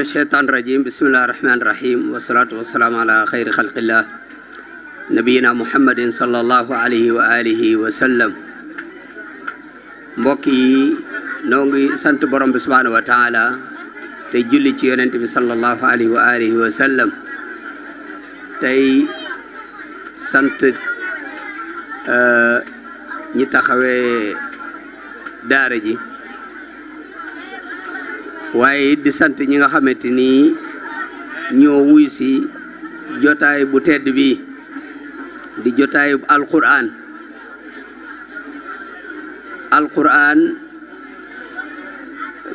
الشيطان الرجيم بسم الله الرحمن الرحيم والصلاة والسلام على خير خلق الله نبينا محمد صلى الله عليه وآله وسلم mbokk yi noo ngi sant borom bi subhanahu wa taala te julli ci yonent bi sallallahu alayhi wa alihi wa sallam tey sant ñi taxawee daara ji waaye di sant ñi nga xamante ni ñoo wuy si jotaay bu tedd bi di jotaay bu alquran alquran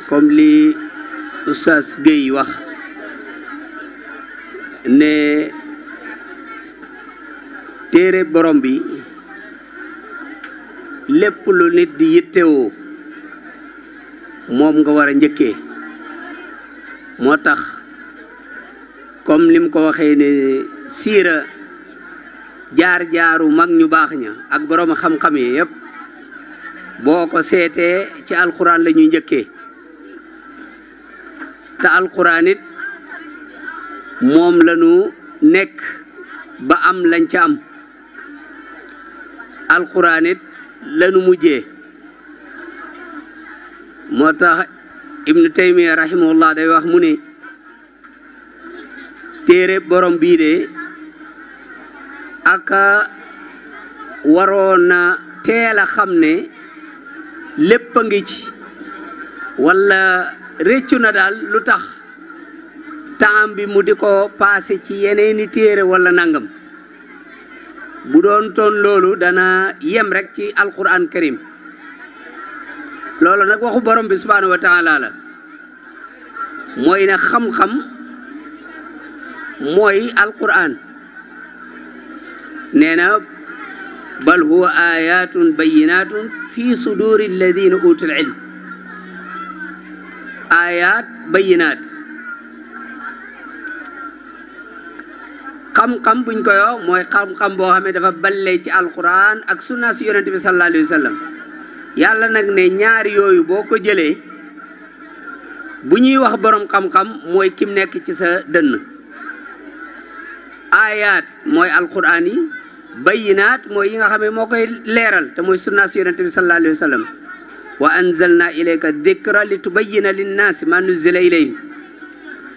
comme li Oustaz Guèye wax ne téere borom bi lépp lu nit di yittewoo moom nga war a njëkkee moo tax comme lim ko waxee ne siira jaar-jaaru mag ñu baax ña ak borom xam-xam yi yëpp boo ko seetee ci alxuraan la ñuy njëkkee te alxuraanit moom la nekk ba am lañ ca am alxuraanit it la mujjee moo tax ibnu taymiya rahimahullah day wax mu ne téere borom bii de aka waroon na teel a xam ne lépp a ngi ci wala réccu na daal lu tax temps bi mu di ko passé ci yeneeni téere wala nangam bu doon toon loolu dana yem rekk ci alquran karim loolu nag waxu borom bi subhaanahu wa taala la mooy ne xam-xam mooy alquran nee na bal huwa ayatun bayinatun fi suduri alladina utul ilm ayat bayinat xam-xam buñ koyo mooy xam-xam boo xam ne dafa balle ci alquran ak sunna si yonente bi sallallahu alayhi wa sallam yàlla nag ne ñaari yooyu boo ko jëlee bu ñuy wax boroom xam-xam mooy kim nekk ci sa dënn ayaat mooy alquraan yi bayinaat mooy yi nga xam ne moo koy leeral te mooy sunna si yonente bi sallallahu alayhi wa sallam wa anzalna ilayka dikra ma nuzila ilayhim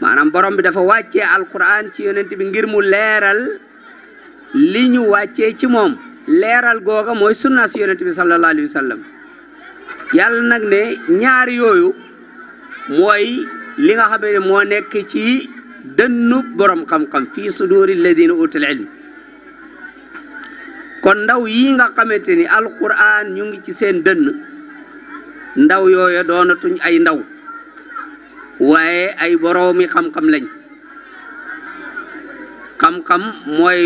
maanaam borom bi dafa wàcce alquraan ci yonente bi ngir mu leeral li ñu wàccee ci moom leeral googa mooy sunna si yonente bi sallallahu alayhi yàlla nag ne ñaar yooyu mooy li nga xam moo nekk ci dënnu borom xam-xam fii suduri alladina utul ilm kon ndaw yi nga xamante ni alquran ñu ngi ci seen dënn ndaw yooyu doonatuñ ay ndaw waaye ay boroomi xam-xam lañ xam-xam mooy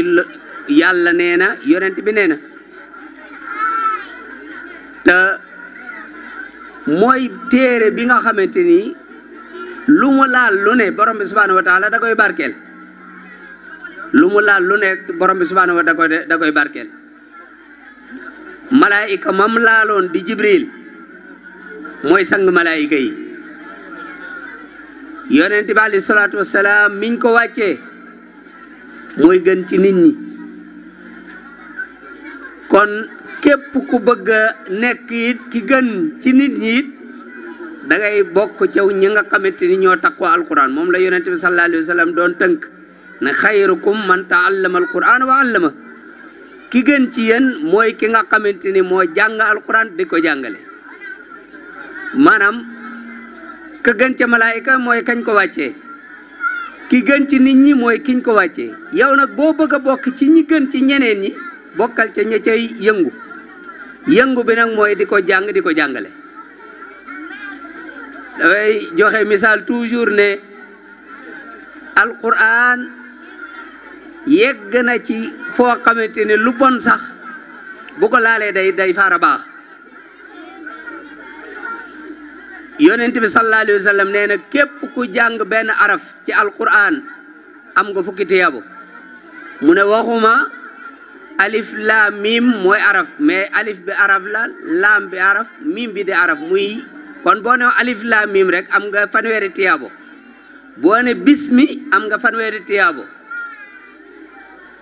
yàlla nee na bi nee te mooy téere bi nga xamante ni lu mu laal lu ne borom bi subhaanahu wa taala da koy barkeel lu mu laal lu ne borom bi subhaanahu wa da koy da koy barkeel malaayika mam laaloon di jibril mooy sang malaayika yi yonent bi alayhi salaatu wasalaam miñ ko wàcce mooy gën ci nit ñi kon képp ku bëgg a nekk it ki gën ci nit ñi dangay da ngay bokk caw ñi nga xamante ni ñoo takkoo alquran moom la yonente bi sallallahu wa sallam doon tënk ne xayrukum man taallama alquran wa allama ki gën ci yéen mooy ki nga xamante ni moo jàng alquran di ko jàngale maanaam ka gën ca malayka mooy kañ ko wàccee ki gën ci nit ñi mooy kiñ ko wàcce yow nag boo bëgg bokk ci ñi gën ci ñeneen ñi bokkal ca ña cay yëngu yëngu bi nag mooy di ko jàng di ko jàngale dafay joxe misaal toujours ne alquran yegg na ci foo xamante ne lu bon sax bu ko laalee day day faara baax yonent bi sallallahu alayhi wa sallam nee na képp ku jàng benn araf ci alquran am nga fukki tiyabu mu ne waxuma alif laam miim mooy araf mais alif bi arab la laam bi araf miim bi di arab muy kon boo ne alif laam miim rek am nga fanweeri tiyaabo boo ne bismi am nga fanweeri tiyaabo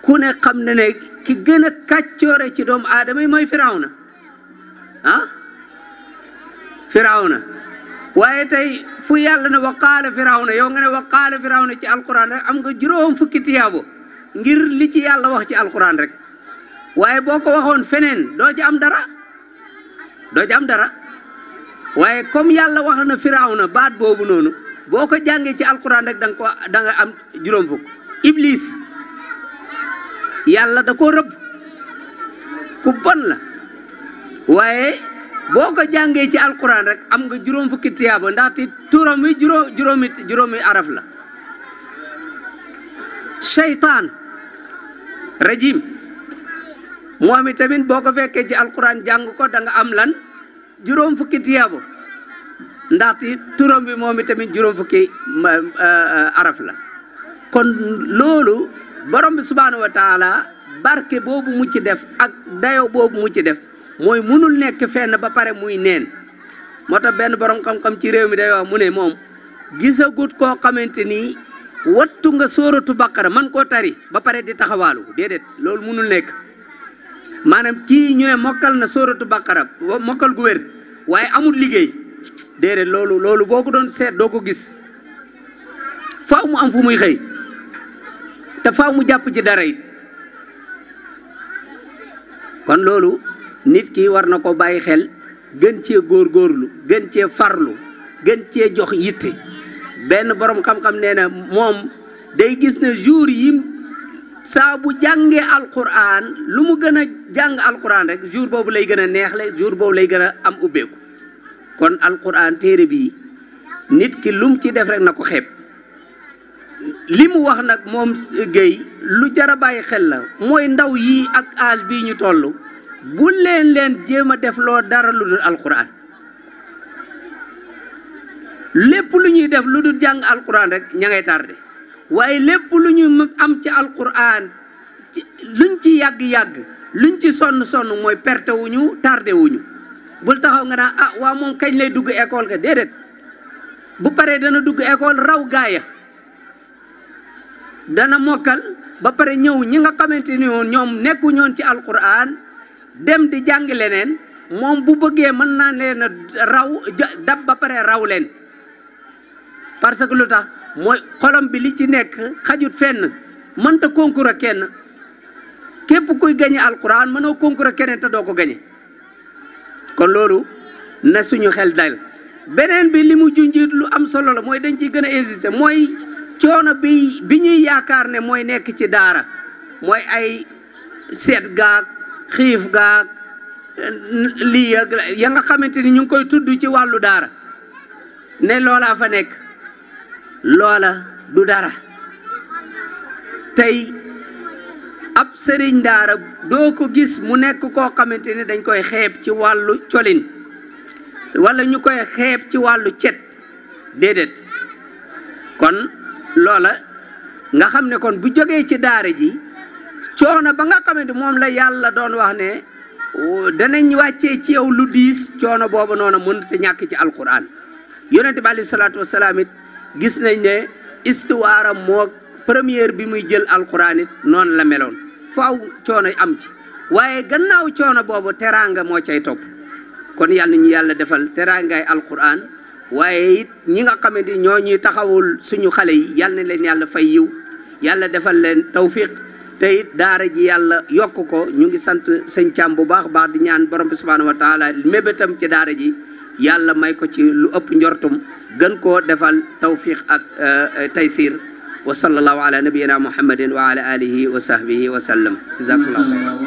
ku ne xam na ne ki gën a kàccoore ci doomu aadama yi mooy firawna ah firawna waaye tey fu yàlla ne waqaala firawna yow nga ne waqaala firawna ci alquran rek am nga juróom fukki tiyaabo ngir li ci yàlla wax ci alquran rek waaye boo ko waxoon feneen doo ci am dara doo ci am dara waaye comme yàlla wax na firawna baat boobu noonu boo ko jàngee ci alquran rek danga ko da am juróom fukk iblis yàlla da koo rëbb ku bon la waaye boo ko jàngee ci alquran rek am nga juróom fukki tiyaaba ndaxte turam wi juróomi araf la seytaan rajim moom i tamit boo ko fekkee ci alquran jàng ko danga am lan juróom fukki tiyaabo ndaxte turam bi moom i tamit juróom fukki euh, euh, araf la kon loolu borom bi subhaanahu wa barke boobu mu ci def ak dayo boobu mu ci def mooy munul nekk fenn ba pare muy neen moo tax benn borom xam-xam ci réew mi day wax mu ne moom gisagut koo xamante ni wattu nga sóoratu baqara man koo tari ba pare di taxawaalu déedéet loolu munul nekk maanaam kii ñu ne mokkal na sóoratu baqara mokkal gu wér waaye amul liggéey déedéet loolu loolu boo ko doon seet doo ko gis faaw mu am fu muy xëy te faaw mu jàpp ci dara it kon loolu nit ki war na ko bàyyi xel gën cee góorgóorlu gën cee farlu gën cee jox yitte benn borom xam-xam nee na moom day gis ne jour yim saa bu jàngee alquran lu mu gën a jàng alquran rek jour boobu lay gën a neexle jour boobu lay gën a am ubbeeku kon alquran téere bi nit ki lum ci def rek na ko xeeb li mu wax nag moom eh, Guèye lu jar a bàyyi xel la mooy ndaw yi ak âge bii ñu toll bu leen leen jéem a def loo dara lu dul alquran lépp lu ñuy def lu dul jàng alquran rek ña ngay tardé. waaye lépp lu ñu am ci alquran ci luñ ci yàgg-yàgg luñ ci sonn-sonn mooy perte wuñu tardé wuñu bul taxaw nga naa ah waaw moom kañ lay dugg ecole ka déedéet bu paree dana dugg école raw gaaya dana mokkal ba pare ñëw ñi nga xamante ni woon ñoom nekku ñoon ci alquran dem di jàng leneen moom bu bëggee mën naa leen raw dab ba pare raw leen parce lu tax mooy xolom bi li ci nekk xajut fenn mënta concours kenn képp kuy gañe alquran mënoo concours ak keneen te doo ko gañe kon loolu na suñu xel dal beneen bi li mu junjit lu am solo la mooy dañ ciy gën a insisté mooy coono bi bi ñuy yaakaar ne mooy nekk ci daara mooy ay seet gaag xiif gaag lii ya nga xamante ni ñu ngi koy tudd ci wàllu daara ne loolaa fa nekk loola du dara tey ab sëriñ daara doo ko gis mu nekk koo xamante ne dañ koy xeeb ci wàllu colin wala ñu koy xeeb ci wàllu cet déedéet kon loola nga xam ne kon bu jógee ci daara ji coono ba nga xamante moom la yàlla doon wax ne oh, danañ wàccee ci yow lu diis coono boobu noonu mën a ñàkk ci alquran yonente bi aleyhi salaatu wasalaam it gis nañ ne histoire am moo première bi muy jël alquran it noonu la meloon faw coono am ci waaye gannaaw coono boobu teraanga moo cay topp kon yàlla ñu yàlla defal teraangaay alquran waaye it ñi nga xamante ñoo ñuy taxawul suñu xale yi yal na leen yàlla fay yiw yàlla defal leen tawfiq te it daara ji yàlla yokk ko ñu ngi sant sëñ Thiam bu baax baax di ñaan borom bi subhaanahu wa taala mébétam ci daara ji yàlla may ko ci lu ëpp njortum gën koo defal tawfiq ak taysir wa sallallahu ala nabiyina muhammadin wa ala alihi wa sahbihi wa sallam jazakallahu khairan